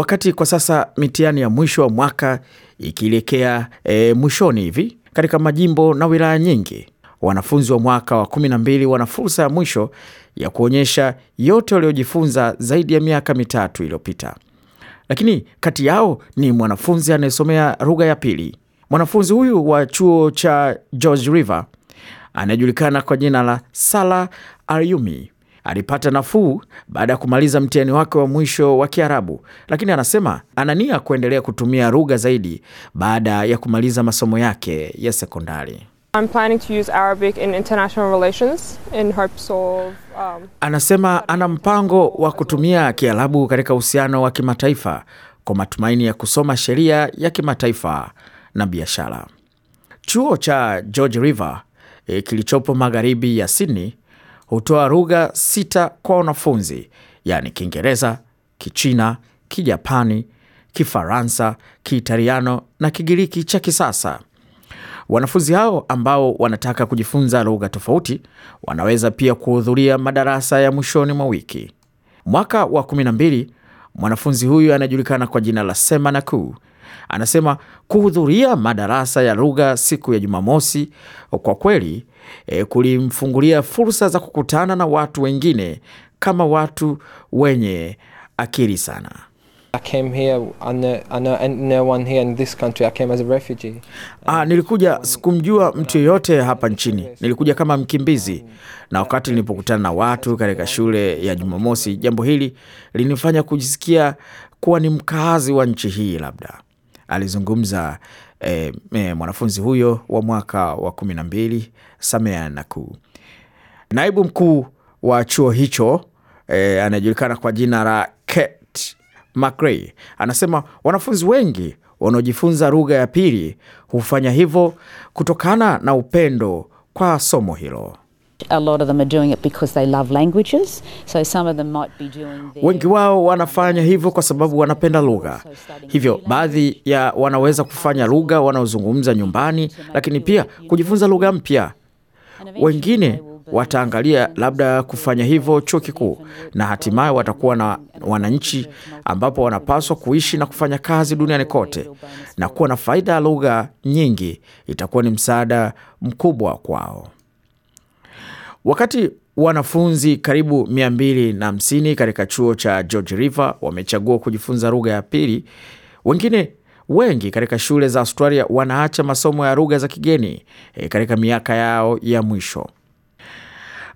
wakati kwa sasa mitihani ya mwisho wa mwaka ikielekea e, mwishoni hivi katika majimbo na wilaya nyingi, wanafunzi wa mwaka wa 12 wana fursa ya mwisho ya kuonyesha yote waliojifunza zaidi ya miaka mitatu iliyopita. Lakini kati yao ni mwanafunzi anayesomea rugha ya pili. Mwanafunzi huyu wa chuo cha George River anayejulikana kwa jina la Sala Aryumi Alipata nafuu baada ya kumaliza mtihani wake wa mwisho wa Kiarabu, lakini anasema ana nia kuendelea kutumia lugha zaidi baada ya kumaliza masomo yake ya sekondari. I'm planning to use Arabic in international relations in hopes of, um, anasema ana mpango wa kutumia Kiarabu katika uhusiano wa kimataifa kwa matumaini ya kusoma sheria ya kimataifa na biashara. Chuo cha George River eh, kilichopo magharibi ya Sydney hutoa lugha sita kwa wanafunzi, yaani Kiingereza, Kichina, Kijapani, Kifaransa, Kiitaliano na Kigiriki cha kisasa. Wanafunzi hao ambao wanataka kujifunza lugha tofauti wanaweza pia kuhudhuria madarasa ya mwishoni mwa wiki. Mwaka wa 12 mwanafunzi huyu anajulikana kwa jina la Sema anasema kuhudhuria madarasa ya lugha siku ya Jumamosi kwa kweli e, kulimfungulia fursa za kukutana na watu wengine kama watu wenye akili sana. Ah, nilikuja, sikumjua mtu yeyote hapa nchini. Nilikuja kama mkimbizi, na wakati nilipokutana na watu katika shule ya Jumamosi, jambo hili linifanya kujisikia kuwa ni mkaazi wa nchi hii. Labda alizungumza e, mwanafunzi huyo wa mwaka wa kumi na mbili Samia Nakuu. Naibu mkuu wa chuo hicho e, anayejulikana kwa jina la Kate McRae anasema wanafunzi wengi wanaojifunza lugha ya pili hufanya hivyo kutokana na upendo kwa somo hilo. Wengi wao wanafanya hivyo kwa sababu wanapenda lugha, hivyo baadhi ya wanaweza kufanya lugha wanaozungumza nyumbani, lakini pia kujifunza lugha mpya. Wengine wataangalia labda kufanya hivyo chuo kikuu, na hatimaye watakuwa na wananchi ambapo wanapaswa kuishi na kufanya kazi duniani kote, na kuwa na faida ya lugha nyingi itakuwa ni msaada mkubwa kwao. Wakati wanafunzi karibu 250 katika chuo cha George River wamechagua kujifunza lugha ya pili, wengine wengi katika shule za Australia wanaacha masomo ya lugha za kigeni e, katika miaka yao ya mwisho.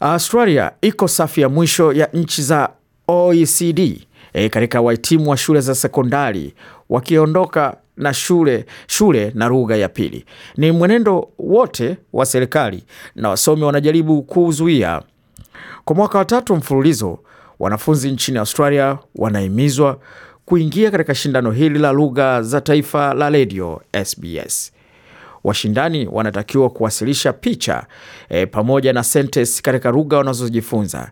Australia iko safu ya mwisho ya nchi za OECD e, eh, katika wahitimu wa shule za sekondari wakiondoka na shule, shule na lugha ya pili. Ni mwenendo wote wa serikali na wasomi wanajaribu kuuzuia. Kwa mwaka wa tatu mfululizo, wanafunzi nchini Australia wanahimizwa kuingia katika shindano hili la lugha za taifa la redio SBS. Washindani wanatakiwa kuwasilisha picha e, pamoja na sentensi katika lugha wanazojifunza,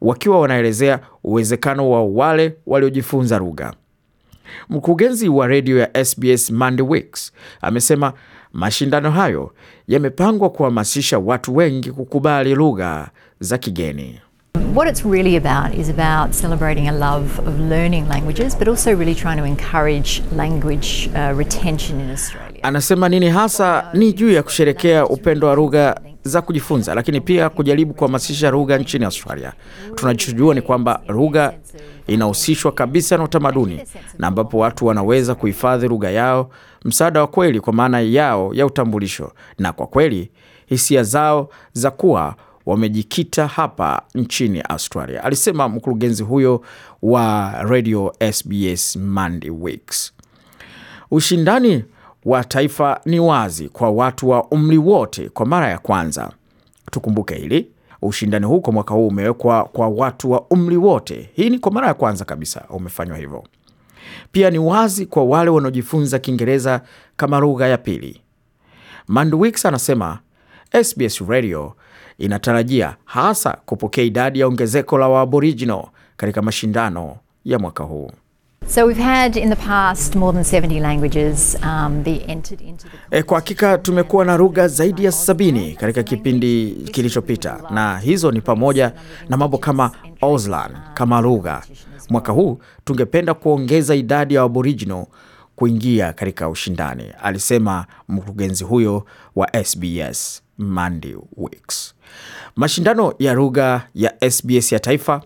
wakiwa wanaelezea uwezekano wa wale waliojifunza lugha. Mkurugenzi wa redio ya SBS Mandy Weeks amesema mashindano hayo yamepangwa kuhamasisha watu wengi kukubali lugha za kigeni. What it's really about is about celebrating a love of learning languages but also really trying to encourage language uh, retention in Australia. Anasema nini hasa ni juu ya kusherekea upendo wa lugha za kujifunza, lakini pia kujaribu kuhamasisha lugha nchini Australia. Tunachojua ni kwamba lugha inahusishwa kabisa na utamaduni na ambapo watu wanaweza kuhifadhi lugha yao, msaada wa kweli kwa maana yao ya utambulisho, na kwa kweli hisia zao za kuwa wamejikita hapa nchini Australia, alisema mkurugenzi huyo wa radio SBS Mandy Weeks. Ushindani wa taifa ni wazi kwa watu wa umri wote kwa mara ya kwanza. Tukumbuke hili. Ushindani huu kwa mwaka huu umewekwa kwa watu wa umri wote. Hii ni kwa mara ya kwanza kabisa umefanywa hivyo. Pia ni wazi kwa wale wanaojifunza Kiingereza kama lugha ya pili. Manduwix anasema SBS Radio inatarajia hasa kupokea idadi ya ongezeko la Waaboriginal katika mashindano ya mwaka huu. Kwa hakika tumekuwa na lugha zaidi ya sabini katika kipindi kilichopita, na hizo ni pamoja na mambo kama Auslan kama lugha. Mwaka huu tungependa kuongeza idadi ya Aboriginal kuingia katika ushindani, alisema mkurugenzi huyo wa SBS Mandy Weeks. Mashindano ya lugha ya SBS ya taifa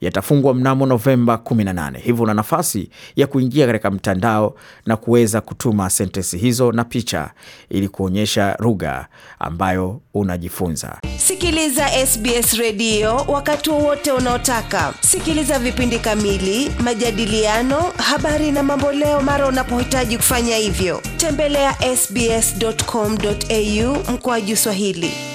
yatafungwa mnamo Novemba 18. Hivyo una nafasi ya kuingia katika mtandao na kuweza kutuma sentensi hizo na picha ili kuonyesha lugha ambayo unajifunza. Sikiliza SBS redio wakati wowote unaotaka. Sikiliza vipindi kamili, majadiliano, habari na mamboleo mara unapohitaji kufanya hivyo. Tembelea sbs.com.au mkoaji Swahili.